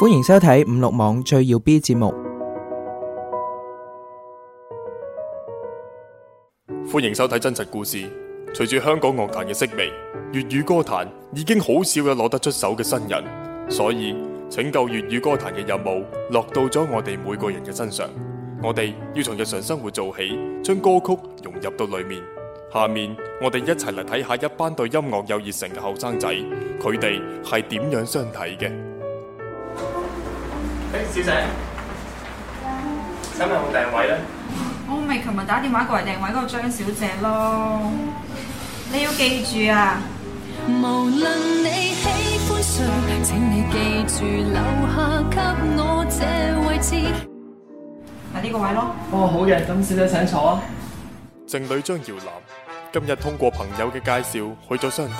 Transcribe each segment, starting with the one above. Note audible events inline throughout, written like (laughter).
歡迎收睇五六網最耀 B 節目。歡迎收睇真實故事。隨住香港樂壇嘅式微，粵語歌壇已經好少有攞得出手嘅新人，所以拯救粵語歌壇嘅任務落到咗我哋每個人嘅身上。我哋要從日常生活做起，將歌曲融入到裏面。下面我哋一齊嚟睇下一班對音樂有熱誠嘅後生仔，佢哋係點樣相睇嘅？Hey, 小姐，請問我訂位咧？我咪琴日打電話過嚟訂位嗰個張小姐咯。你要記住啊！無論你喜歡誰，請你記住留下給我這位置。喺呢、啊、個位咯。哦，好嘅，咁小姐請坐。啊。剩女張耀南今日通過朋友嘅介紹去咗相睇，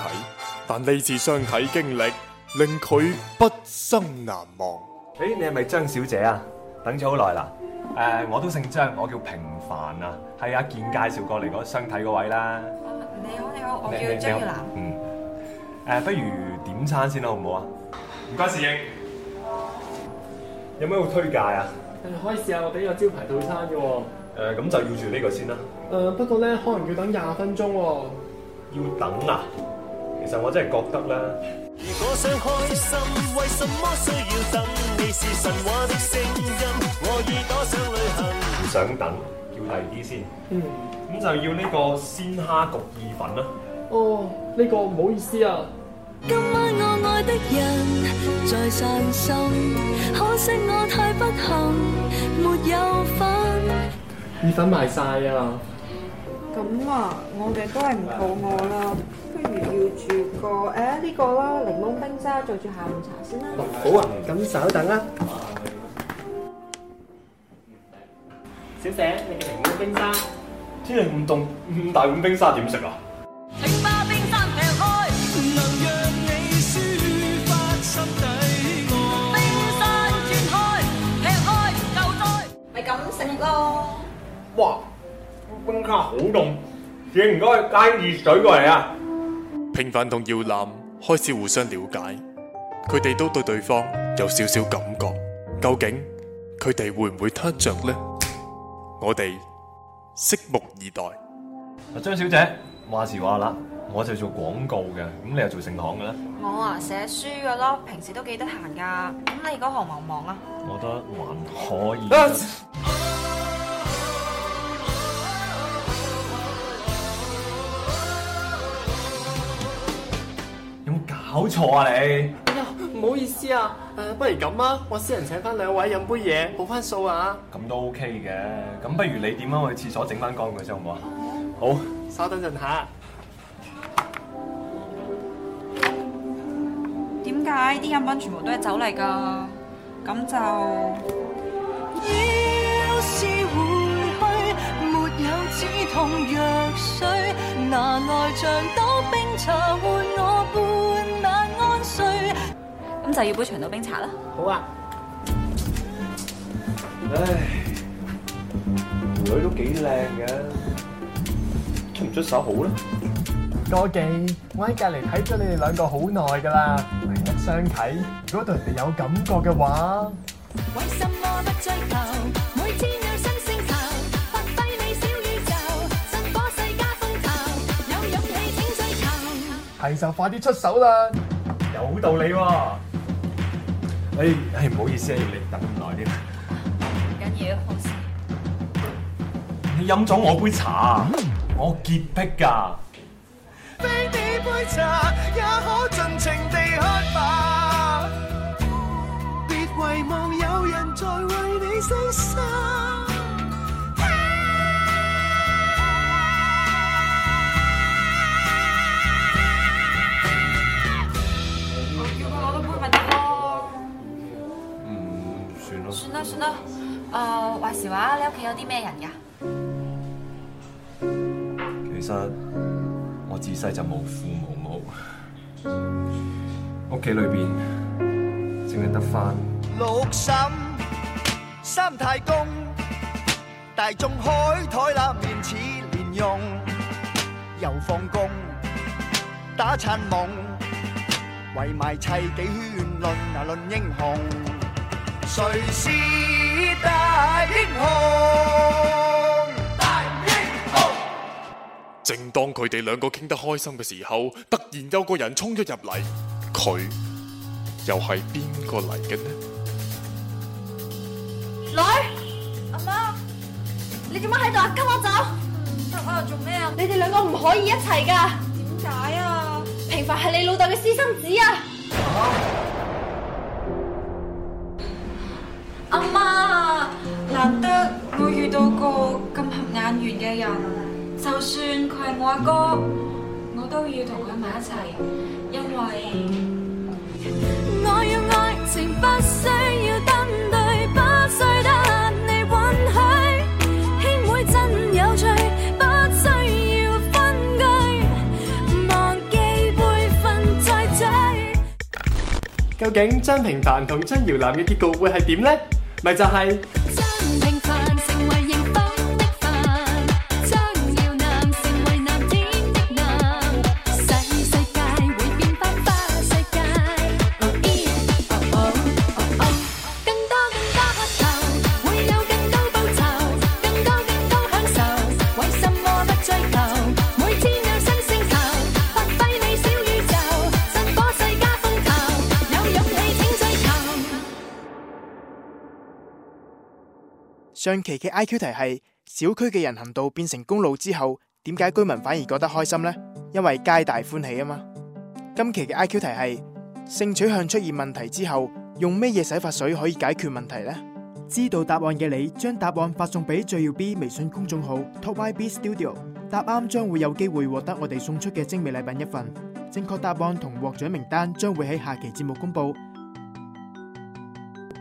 但呢次相睇經歷令佢畢生難忘。誒、欸，你係咪張小姐啊？等咗好耐啦。誒、嗯呃，我都姓張，我叫平凡啊，係阿、啊、健介紹過嚟嗰相睇嗰位啦、嗯。你好，你好，我叫張月蘭。嗯。誒、呃，不如點餐先啦，好唔好啊？唔該，侍應、嗯。有咩好推介啊？誒，可以試下我哋呢個招牌套餐嘅。誒、呃，咁就要住呢個先啦。誒、呃，不過咧可能要等廿分鐘、哦。要等啊？其實我真係覺得啦。如果想開心。什麼需要等？你是神話的聲音，我多少旅行唔想等，叫快啲先。嗯，咁就要呢個鮮蝦焗意粉啦。哦，呢、呢個唔好意思啊。今晚我愛的人在善心，可惜我太不幸，沒有份。意粉賣晒啊！咁、嗯、啊，我哋都係唔肚餓啦。要住個誒呢個啦，檸檬冰沙，再住下午茶先啦。好啊，咁稍等啦。小姐，你嘅檸檬冰沙，天氣咁凍，咁大碗冰沙點食啊？請把冰山劈開，能讓你抒發心底愛。冰山劈開，劈開舊災，咪咁食咯。哇，冰沙好凍，你唔該加熱水過嚟啊。平凡同耀南開始互相了解，佢哋都對對方有少少感覺。究竟佢哋會唔會得着呢？我哋拭目以待。阿張小姐話時話啦，我就做廣告嘅，咁你又做盛堂嘅咧？我啊寫書嘅咯，平時都幾得閒噶。咁你嗰行忙唔忙啊？我覺得還可以。搞錯啊你！哎呀，唔好意思啊。呃，不如咁啊，我私人請翻兩位喝杯飲杯嘢，補翻數啊。咁都 OK 嘅。咁不如你點樣去廁所整翻乾佢先好唔好啊？好，稍等陣下。點解啲飲品全部都係酒嚟㗎？咁就。要是回去沒有，有止痛藥水，拿來像刀冰茶換我。就要杯長島冰茶啦。好啊。唉，女都幾靚嘅，出唔出手好咧？多記，我喺隔籬睇咗你哋兩個好耐噶啦，一雙啟，如果對人哋有感覺嘅話，為什麼不追求，每天有新星球，發揮你小宇宙，勝過世界風頭，有勇氣先追求。係就快啲出手啦！有道理喎。哎，係唔好意思啊，要你等咁耐啲。唔緊要，博士，你飲咗我杯茶啊，我潔癖㗎。畀你杯茶，也可盡情地開吧，別遺忘有人在為你傷心。有啲咩人噶？其實我自細就無父無母，屋企裏邊淨係得翻六嬸、三太公，大眾開台面似蓮蓉，又放工打餐懵，圍埋砌幾圈論啊論英雄。.誰是大英雄？大英雄！正當佢哋兩個傾得開心嘅時候，突然有個人衝咗入嚟，佢又係邊個嚟嘅呢？女兒，阿媽媽，你做乜喺度啊？跟我走！唔得啊，做咩啊？你哋兩個唔可以一齊㗎。點解啊？平凡係你老豆嘅私生子啊！個個咁合眼緣嘅人，就算佢係我阿哥，我都要同佢喺埋一齊，因為我要愛情，不需要登對，不需得你允許，兄妹真有趣，不需要分居，忘記輩分再追。究竟張平凡同張瑤南嘅結局會係點呢？咪就係。上期嘅 I Q 題係：小區嘅人行道變成公路之後，點解居民反而覺得開心呢？因為皆大歡喜啊嘛。今期嘅 I Q 題係：性取向出現問題之後，用咩嘢洗髮水可以解決問題呢？知道答案嘅你，將答案發送俾最耀 B 微信公眾號 (music) Top YB Studio，答啱將會有機會獲得我哋送出嘅精美禮品一份。正確答案同獲獎名單將會喺下期節目公布。